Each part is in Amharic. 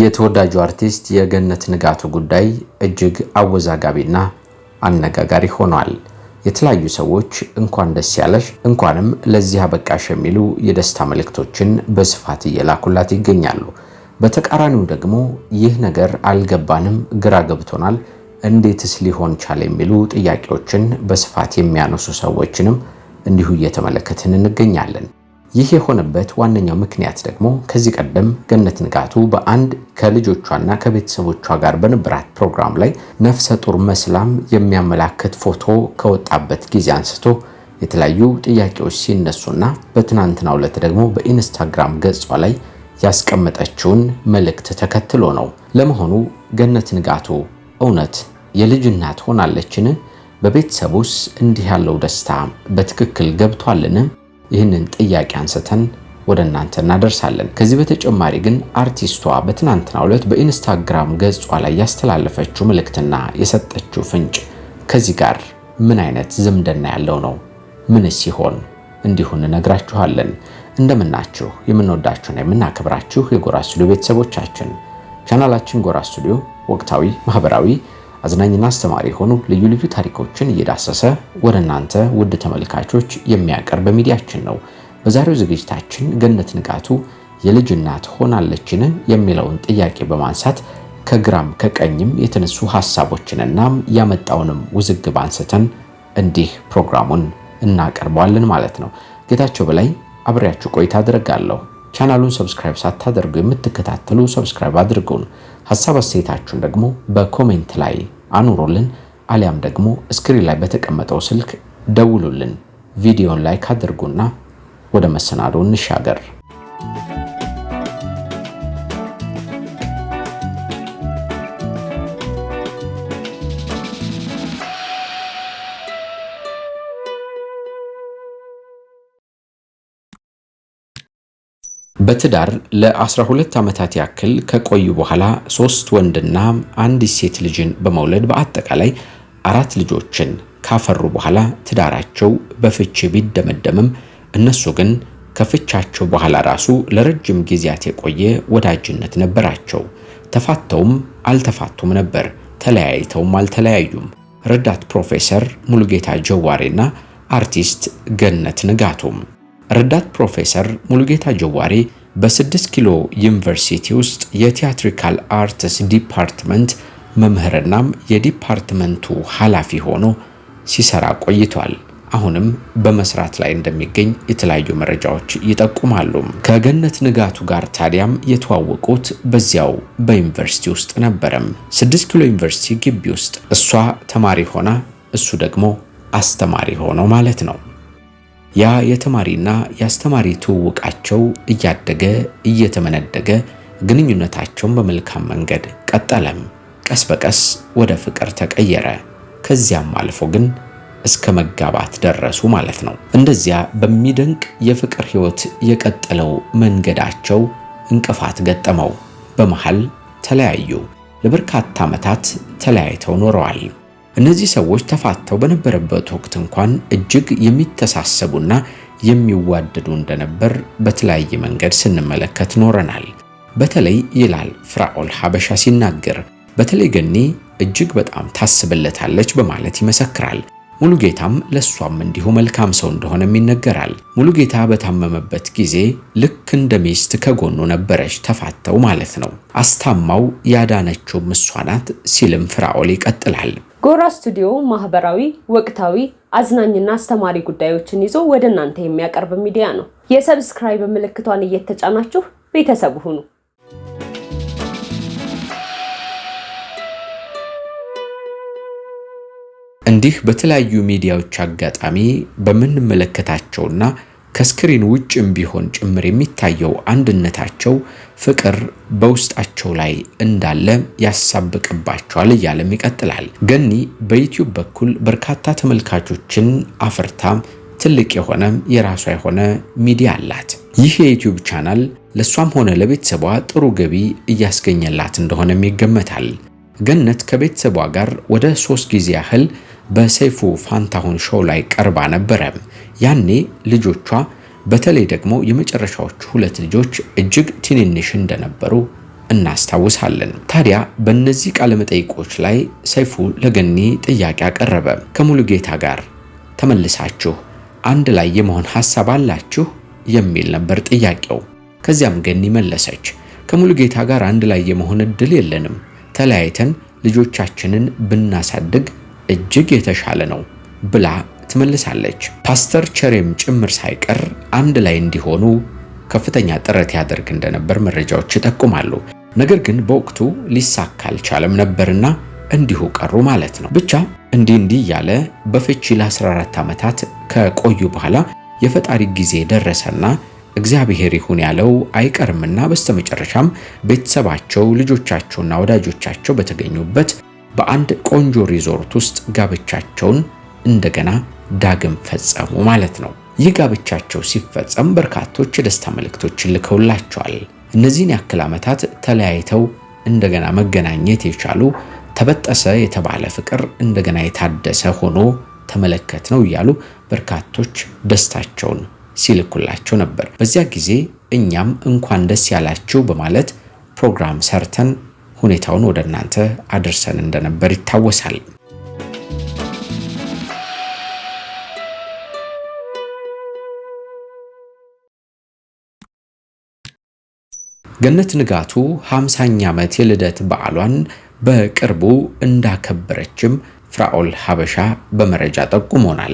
የተወዳጁ አርቲስት የገነት ንጋቱ ጉዳይ እጅግ አወዛጋቢና አነጋጋሪ ሆኗል። የተለያዩ ሰዎች እንኳን ደስ ያለሽ፣ እንኳንም ለዚህ አበቃሽ የሚሉ የደስታ መልእክቶችን በስፋት እየላኩላት ይገኛሉ። በተቃራኒው ደግሞ ይህ ነገር አልገባንም፣ ግራ ገብቶናል፣ እንዴትስ ሊሆን ቻለ የሚሉ ጥያቄዎችን በስፋት የሚያነሱ ሰዎችንም እንዲሁ እየተመለከትን እንገኛለን። ይህ የሆነበት ዋነኛው ምክንያት ደግሞ ከዚህ ቀደም ገነት ንጋቱ በአንድ ከልጆቿና ከቤተሰቦቿ ጋር በነበራት ፕሮግራም ላይ ነፍሰ ጡር መስላም የሚያመላክት ፎቶ ከወጣበት ጊዜ አንስቶ የተለያዩ ጥያቄዎች ሲነሱና በትናንትናው ዕለት ደግሞ በኢንስታግራም ገጿ ላይ ያስቀመጠችውን መልእክት ተከትሎ ነው። ለመሆኑ ገነት ንጋቱ እውነት የልጅ እናት ሆናለችን? በቤተሰቡስ እንዲህ ያለው ደስታ በትክክል ገብቷልን? ይህንን ጥያቄ አንስተን ወደ እናንተ እናደርሳለን። ከዚህ በተጨማሪ ግን አርቲስቷ በትናንትናው ዕለት በኢንስታግራም ገጿ ላይ ያስተላለፈችው መልእክትና የሰጠችው ፍንጭ ከዚህ ጋር ምን አይነት ዝምድና ያለው ነው? ምን ሲሆን እንዲሁ እንነግራችኋለን። እንደምናችሁ የምንወዳችሁና የምናከብራችሁ የጎራ ስቱዲዮ ቤተሰቦቻችን ቻናላችን ጎራ ስቱዲዮ ወቅታዊ፣ ማህበራዊ አዝናኝና አስተማሪ የሆኑ ልዩ ልዩ ታሪኮችን እየዳሰሰ ወደ እናንተ ውድ ተመልካቾች የሚያቀርብ ሚዲያችን ነው። በዛሬው ዝግጅታችን ገነት ንጋቱ የልጅ እናት ሆናለችን የሚለውን ጥያቄ በማንሳት ከግራም ከቀኝም የተነሱ ሀሳቦችንና ያመጣውንም ውዝግብ አንስተን እንዲህ ፕሮግራሙን እናቀርበዋለን ማለት ነው። ጌታቸው በላይ አብሬያችሁ ቆይታ አድርጋለሁ። ቻናሉን ሰብስክራይብ ሳታደርጉ የምትከታተሉ ሰብስክራይብ አድርጉን። ሐሳብ አስተያየታችሁን ደግሞ በኮሜንት ላይ አኑሩልን፣ አሊያም ደግሞ ስክሪን ላይ በተቀመጠው ስልክ ደውሉልን። ቪዲዮን ላይክ አድርጉና ወደ መሰናዶ እንሻገር። በትዳር ለ12 ዓመታት ያክል ከቆዩ በኋላ ሶስት ወንድና አንዲት ሴት ልጅን በመውለድ በአጠቃላይ አራት ልጆችን ካፈሩ በኋላ ትዳራቸው በፍች ቢደመደምም እነሱ ግን ከፍቻቸው በኋላ ራሱ ለረጅም ጊዜያት የቆየ ወዳጅነት ነበራቸው። ተፋተውም አልተፋቱም ነበር፣ ተለያይተውም አልተለያዩም። ረዳት ፕሮፌሰር ሙሉጌታ ጀዋሬና አርቲስት ገነት ንጋቱም ረዳት ፕሮፌሰር ሙሉጌታ ጀዋሬ በስድስት ኪሎ ዩኒቨርሲቲ ውስጥ የቲያትሪካል አርትስ ዲፓርትመንት መምህርናም የዲፓርትመንቱ ኃላፊ ሆኖ ሲሰራ ቆይቷል። አሁንም በመስራት ላይ እንደሚገኝ የተለያዩ መረጃዎች ይጠቁማሉ። ከገነት ንጋቱ ጋር ታዲያም የተዋወቁት በዚያው በዩኒቨርሲቲ ውስጥ ነበረም። ስድስት ኪሎ ዩኒቨርሲቲ ግቢ ውስጥ እሷ ተማሪ ሆና እሱ ደግሞ አስተማሪ ሆኖ ማለት ነው። ያ የተማሪና የአስተማሪ ትውውቃቸው እያደገ እየተመነደገ ግንኙነታቸውን በመልካም መንገድ ቀጠለም። ቀስ በቀስ ወደ ፍቅር ተቀየረ። ከዚያም አልፎ ግን እስከ መጋባት ደረሱ ማለት ነው። እንደዚያ በሚደንቅ የፍቅር ሕይወት የቀጠለው መንገዳቸው እንቅፋት ገጠመው። በመሃል ተለያዩ። ለበርካታ ዓመታት ተለያይተው ኖረዋል። እነዚህ ሰዎች ተፋተው በነበረበት ወቅት እንኳን እጅግ የሚተሳሰቡና የሚዋደዱ እንደነበር በተለያየ መንገድ ስንመለከት ኖረናል። በተለይ ይላል ፍራኦል ሀበሻ ሲናገር፣ በተለይ ገኒ እጅግ በጣም ታስብለታለች በማለት ይመሰክራል። ሙሉጌታም ለሷም እንዲሁ መልካም ሰው እንደሆነም ይነገራል። ሙሉጌታ በታመመበት ጊዜ ልክ እንደ ሚስት ከጎኑ ነበረች፣ ተፋተው ማለት ነው። አስታማው ያዳነችውም እሷ ናት ሲልም ፍራኦል ይቀጥላል። ጎራ ስቱዲዮ ማህበራዊ፣ ወቅታዊ፣ አዝናኝና አስተማሪ ጉዳዮችን ይዞ ወደ እናንተ የሚያቀርብ ሚዲያ ነው። የሰብስክራይብ ምልክቷን እየተጫናችሁ ቤተሰብ ሁኑ። እንዲህ በተለያዩ ሚዲያዎች አጋጣሚ በምንመለከታቸውና ከስክሪን ውጭም ቢሆን ጭምር የሚታየው አንድነታቸው ፍቅር በውስጣቸው ላይ እንዳለ ያሳብቅባቸዋል እያለም ይቀጥላል። ገኒ በዩቲዩብ በኩል በርካታ ተመልካቾችን አፍርታ ትልቅ የሆነ የራሷ የሆነ ሚዲያ አላት። ይህ የዩቲዩብ ቻናል ለእሷም ሆነ ለቤተሰቧ ጥሩ ገቢ እያስገኘላት እንደሆነም ይገመታል። ገነት ከቤተሰቧ ጋር ወደ ሶስት ጊዜ ያህል በሰይፉ ፋንታሁን ሾው ላይ ቀርባ ነበረ። ያኔ ልጆቿ በተለይ ደግሞ የመጨረሻዎቹ ሁለት ልጆች እጅግ ትንንሽ እንደነበሩ እናስታውሳለን። ታዲያ በእነዚህ ቃለ መጠይቆች ላይ ሰይፉ ለገኒ ጥያቄ አቀረበ። ከሙሉጌታ ጋር ተመልሳችሁ አንድ ላይ የመሆን ሐሳብ አላችሁ የሚል ነበር ጥያቄው። ከዚያም ገኒ መለሰች፣ ከሙሉጌታ ጋር አንድ ላይ የመሆን እድል የለንም፣ ተለያይተን ልጆቻችንን ብናሳድግ እጅግ የተሻለ ነው ብላ ትመልሳለች። ፓስተር ቸሬም ጭምር ሳይቀር አንድ ላይ እንዲሆኑ ከፍተኛ ጥረት ያደርግ እንደነበር መረጃዎች ይጠቁማሉ። ነገር ግን በወቅቱ ሊሳካ አልቻለም ነበርና እንዲሁ ቀሩ ማለት ነው። ብቻ እንዲህ እንዲህ እያለ በፍቺ ለ14 ዓመታት ከቆዩ በኋላ የፈጣሪ ጊዜ ደረሰና እግዚአብሔር ይሁን ያለው አይቀርምና በስተመጨረሻም ቤተሰባቸው ልጆቻቸውና ወዳጆቻቸው በተገኙበት በአንድ ቆንጆ ሪዞርት ውስጥ ጋብቻቸውን እንደገና ዳግም ፈጸሙ ማለት ነው። ይህ ጋብቻቸው ሲፈጸም በርካቶች የደስታ መልእክቶችን ልከውላቸዋል። እነዚህን ያክል ዓመታት ተለያይተው እንደገና መገናኘት የቻሉ ተበጠሰ የተባለ ፍቅር እንደገና የታደሰ ሆኖ ተመለከት ነው እያሉ በርካቶች ደስታቸውን ሲልኩላቸው ነበር። በዚያ ጊዜ እኛም እንኳን ደስ ያላችሁ በማለት ፕሮግራም ሰርተን ሁኔታውን ወደ እናንተ አድርሰን እንደነበር ይታወሳል። ገነት ንጋቱ 50ኛ ዓመት የልደት በዓሏን በቅርቡ እንዳከበረችም ፍራኦል ሀበሻ በመረጃ ጠቁሞናል።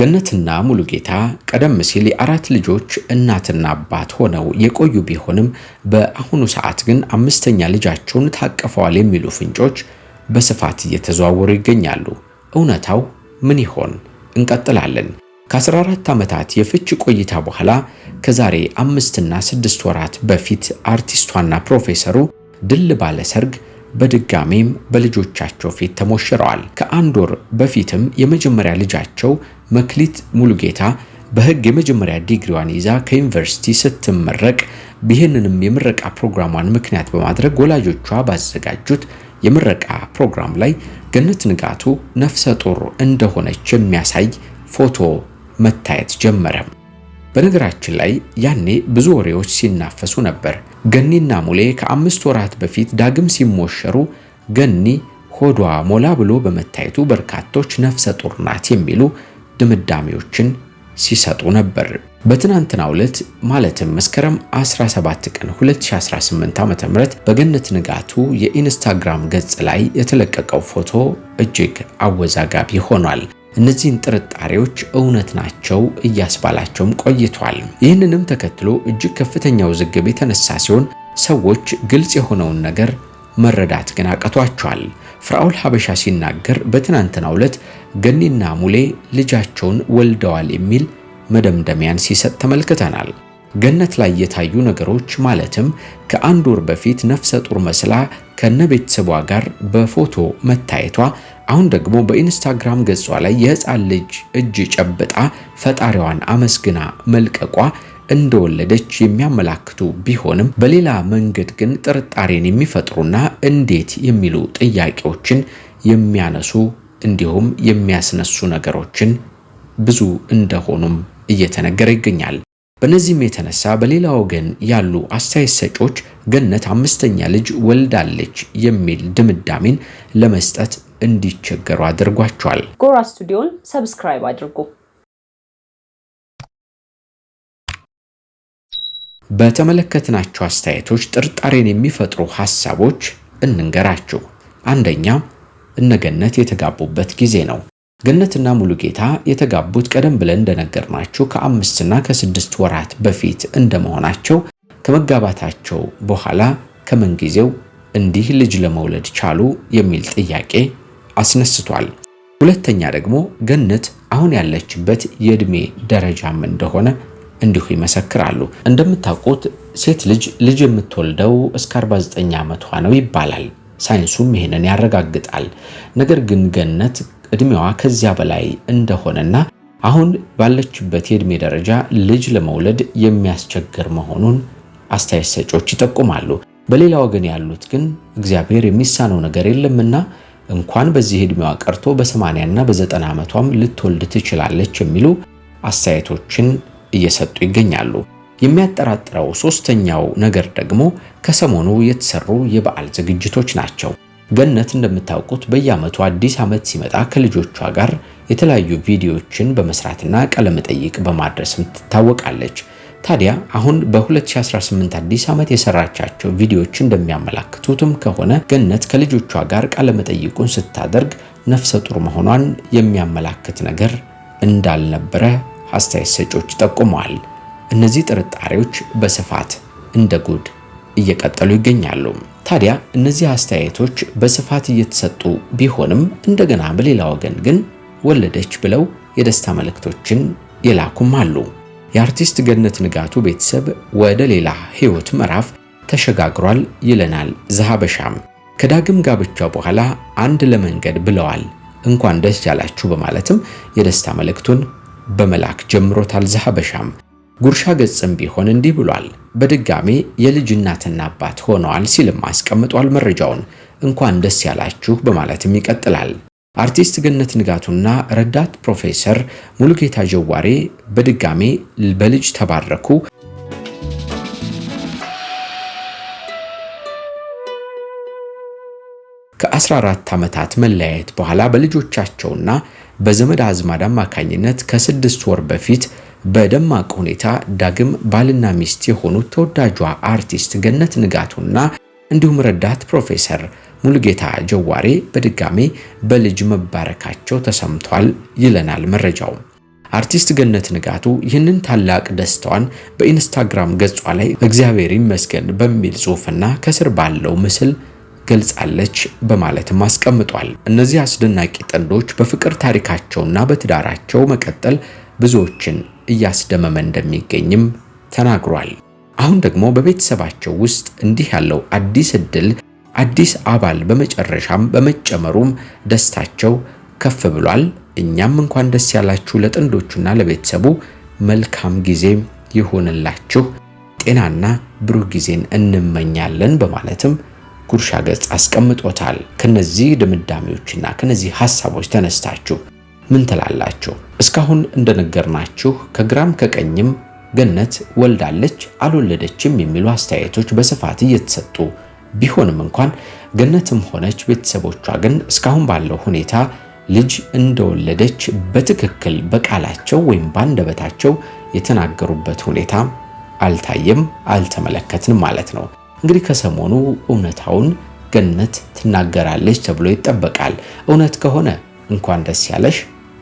ገነትና ሙሉጌታ ቀደም ሲል የአራት ልጆች እናትና አባት ሆነው የቆዩ ቢሆንም በአሁኑ ሰዓት ግን አምስተኛ ልጃቸውን ታቅፈዋል የሚሉ ፍንጮች በስፋት እየተዘዋወሩ ይገኛሉ። እውነታው ምን ይሆን? እንቀጥላለን። ከ14 ዓመታት የፍች ቆይታ በኋላ ከዛሬ አምስትና ስድስት ወራት በፊት አርቲስቷና ፕሮፌሰሩ ድል ባለ ሰርግ በድጋሜም በልጆቻቸው ፊት ተሞሽረዋል። ከአንድ ወር በፊትም የመጀመሪያ ልጃቸው መክሊት ሙሉጌታ በሕግ የመጀመሪያ ዲግሪዋን ይዛ ከዩኒቨርሲቲ ስትመረቅ ይህንንም የምረቃ ፕሮግራሟን ምክንያት በማድረግ ወላጆቿ ባዘጋጁት የምረቃ ፕሮግራም ላይ ገነት ንጋቱ ነፍሰ ጡር እንደሆነች የሚያሳይ ፎቶ መታየት ጀመረ። በነገራችን ላይ ያኔ ብዙ ወሬዎች ሲናፈሱ ነበር። ገኒና ሙሌ ከአምስት ወራት በፊት ዳግም ሲሞሸሩ ገኒ ሆዷ ሞላ ብሎ በመታየቱ በርካቶች ነፍሰ ጡር ናት የሚሉ ድምዳሜዎችን ሲሰጡ ነበር። በትናንትናው ዕለት ማለትም መስከረም 17 ቀን 2018 ዓ.ም በገነት ንጋቱ የኢንስታግራም ገጽ ላይ የተለቀቀው ፎቶ እጅግ አወዛጋቢ ሆኗል። እነዚህን ጥርጣሬዎች እውነት ናቸው እያስባላቸውም ቆይቷል። ይህንንም ተከትሎ እጅግ ከፍተኛ ውዝግብ የተነሳ ሲሆን ሰዎች ግልጽ የሆነውን ነገር መረዳት ግን አቅቷቸዋል። ፍራኦል ሀበሻ ሲናገር በትናንትናው ዕለት ገኒና ሙሌ ልጃቸውን ወልደዋል የሚል መደምደሚያን ሲሰጥ ተመልክተናል። ገነት ላይ የታዩ ነገሮች ማለትም ከአንድ ወር በፊት ነፍሰ ጡር መስላ ከነ ቤተሰቧ ጋር በፎቶ መታየቷ አሁን ደግሞ በኢንስታግራም ገጿ ላይ የህፃን ልጅ እጅ ጨብጣ ፈጣሪዋን አመስግና መልቀቋ እንደወለደች የሚያመላክቱ ቢሆንም በሌላ መንገድ ግን ጥርጣሬን የሚፈጥሩና እንዴት የሚሉ ጥያቄዎችን የሚያነሱ እንዲሁም የሚያስነሱ ነገሮችን ብዙ እንደሆኑም እየተነገረ ይገኛል። በነዚህም የተነሳ በሌላ ወገን ያሉ አስተያየት ሰጪዎች ገነት አምስተኛ ልጅ ወልዳለች የሚል ድምዳሜን ለመስጠት እንዲቸገሩ አድርጓቸዋል። ጎራ ስቱዲዮን ሰብስክራይብ አድርጉ። በተመለከትናቸው አስተያየቶች ጥርጣሬን የሚፈጥሩ ሀሳቦች እንንገራችሁ። አንደኛ እነ የተጋቡበት ጊዜ ነው። ገነትና ሙሉጌታ የተጋቡት ቀደም ብለን እንደነገርናችሁ ከአምስትና ከስድስት ወራት በፊት እንደመሆናቸው ከመጋባታቸው በኋላ ከምንጊዜው እንዲህ ልጅ ለመውለድ ቻሉ የሚል ጥያቄ አስነስቷል። ሁለተኛ ደግሞ ገነት አሁን ያለችበት የእድሜ ደረጃም እንደሆነ እንዲሁ ይመሰክራሉ። እንደምታውቁት ሴት ልጅ ልጅ የምትወልደው እስከ 49 ዓመቷ ነው ይባላል። ሳይንሱም ይህንን ያረጋግጣል። ነገር ግን ገነት እድሜዋ ከዚያ በላይ እንደሆነና አሁን ባለችበት የእድሜ ደረጃ ልጅ ለመውለድ የሚያስቸግር መሆኑን አስተያየት ሰጪዎች ይጠቁማሉ። በሌላ ወገን ያሉት ግን እግዚአብሔር የሚሳነው ነገር የለምና እንኳን በዚህ እድሜዋ ቀርቶ በሰማንያና በዘጠና ዓመቷም ልትወልድ ትችላለች የሚሉ አስተያየቶችን እየሰጡ ይገኛሉ። የሚያጠራጥረው ሶስተኛው ነገር ደግሞ ከሰሞኑ የተሰሩ የበዓል ዝግጅቶች ናቸው። ገነት እንደምታውቁት በየዓመቱ አዲስ ዓመት ሲመጣ ከልጆቿ ጋር የተለያዩ ቪዲዮዎችን በመስራትና ጠይቅ በማድረስም ትታወቃለች። ታዲያ አሁን በ2018 አዲስ ዓመት የሰራቻቸው ቪዲዮዎች እንደሚያመላክቱትም ከሆነ ገነት ከልጆቿ ጋር ጠይቁን ስታደርግ ነፍሰ ጡር መሆኗን የሚያመላክት ነገር እንዳልነበረ አስተያየት ሰጪዎች ጠቁመዋል። እነዚህ ጥርጣሬዎች በስፋት እንደ ጉድ እየቀጠሉ ይገኛሉ። ታዲያ እነዚህ አስተያየቶች በስፋት እየተሰጡ ቢሆንም እንደገና በሌላ ወገን ግን ወለደች ብለው የደስታ መልእክቶችን የላኩም አሉ። የአርቲስት ገነት ንጋቱ ቤተሰብ ወደ ሌላ ህይወት ምዕራፍ ተሸጋግሯል ይለናል ዘሀበሻም ከዳግም ጋብቻው በኋላ አንድ ለመንገድ ብለዋል እንኳን ደስ ያላችሁ በማለትም የደስታ መልእክቱን በመላክ ጀምሮታል ዘሀበሻም። ጉርሻ ገጽም ቢሆን እንዲህ ብሏል። በድጋሜ የልጅ እናትና አባት ሆነዋል ሲልም አስቀምጧል። መረጃውን እንኳን ደስ ያላችሁ በማለትም ይቀጥላል። አርቲስት ገነት ንጋቱና ረዳት ፕሮፌሰር ሙሉጌታ ጀዋሬ በድጋሜ በልጅ ተባረኩ። ከ14 ዓመታት መለያየት በኋላ በልጆቻቸውና በዘመድ አዝማድ አማካኝነት ከስድስት ወር በፊት በደማቅ ሁኔታ ዳግም ባልና ሚስት የሆኑት ተወዳጇ አርቲስት ገነት ንጋቱና እንዲሁም ረዳት ፕሮፌሰር ሙሉጌታ ጀዋሬ በድጋሜ በልጅ መባረካቸው ተሰምቷል ይለናል መረጃው። አርቲስት ገነት ንጋቱ ይህንን ታላቅ ደስታዋን በኢንስታግራም ገጿ ላይ እግዚአብሔር ይመስገን በሚል ጽሑፍና ከስር ባለው ምስል ገልጻለች በማለትም አስቀምጧል። እነዚህ አስደናቂ ጥንዶች በፍቅር ታሪካቸውና በትዳራቸው መቀጠል ብዙዎችን እያስደመመ እንደሚገኝም ተናግሯል። አሁን ደግሞ በቤተሰባቸው ውስጥ እንዲህ ያለው አዲስ እድል አዲስ አባል በመጨረሻም በመጨመሩም ደስታቸው ከፍ ብሏል። እኛም እንኳን ደስ ያላችሁ፣ ለጥንዶቹና ለቤተሰቡ መልካም ጊዜ ይሁንላችሁ፣ ጤናና ብሩህ ጊዜን እንመኛለን በማለትም ጉርሻ ገጽ አስቀምጦታል። ከነዚህ ድምዳሜዎችና ከነዚህ ሐሳቦች ተነስታችሁ ምን ትላላችሁ? እስካሁን እንደነገርናችሁ ከግራም ከቀኝም ገነት ወልዳለች አልወለደችም የሚሉ አስተያየቶች በስፋት እየተሰጡ ቢሆንም እንኳን ገነትም ሆነች ቤተሰቦቿ ግን እስካሁን ባለው ሁኔታ ልጅ እንደወለደች በትክክል በቃላቸው ወይም ባንደበታቸው የተናገሩበት ሁኔታ አልታየም፣ አልተመለከትንም ማለት ነው። እንግዲህ ከሰሞኑ እውነታውን ገነት ትናገራለች ተብሎ ይጠበቃል። እውነት ከሆነ እንኳን ደስ ያለሽ፣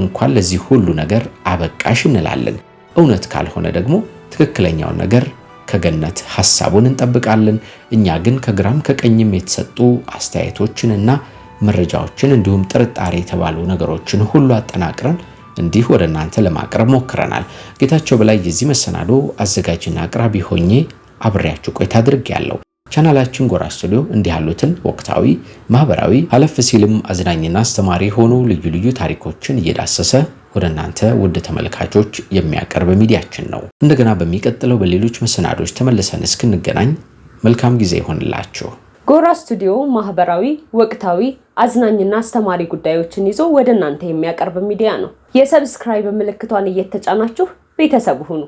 እንኳን ለዚህ ሁሉ ነገር አበቃሽ እንላለን። እውነት ካልሆነ ደግሞ ትክክለኛውን ነገር ከገነት ሐሳቡን እንጠብቃለን። እኛ ግን ከግራም ከቀኝም የተሰጡ አስተያየቶችንና መረጃዎችን እንዲሁም ጥርጣሬ የተባሉ ነገሮችን ሁሉ አጠናቅረን እንዲህ ወደ እናንተ ለማቅረብ ሞክረናል። ጌታቸው በላይ የዚህ መሰናዶ አዘጋጅና አቅራቢ ሆኜ አብሬያችሁ ቆይታ አድርጌያለሁ። ቻናላችን ጎራ ስቱዲዮ እንዲህ ያሉትን ወቅታዊ፣ ማህበራዊ፣ አለፍ ሲልም አዝናኝና አስተማሪ የሆኑ ልዩ ልዩ ታሪኮችን እየዳሰሰ ወደ እናንተ ውድ ተመልካቾች የሚያቀርብ ሚዲያችን ነው። እንደገና በሚቀጥለው በሌሎች መሰናዶች ተመልሰን እስክንገናኝ መልካም ጊዜ ይሆንላችሁ። ጎራ ስቱዲዮ ማህበራዊ፣ ወቅታዊ፣ አዝናኝና አስተማሪ ጉዳዮችን ይዞ ወደ እናንተ የሚያቀርብ ሚዲያ ነው። የሰብስክራይብ ምልክቷን እየተጫናችሁ ቤተሰብ ሁኑ።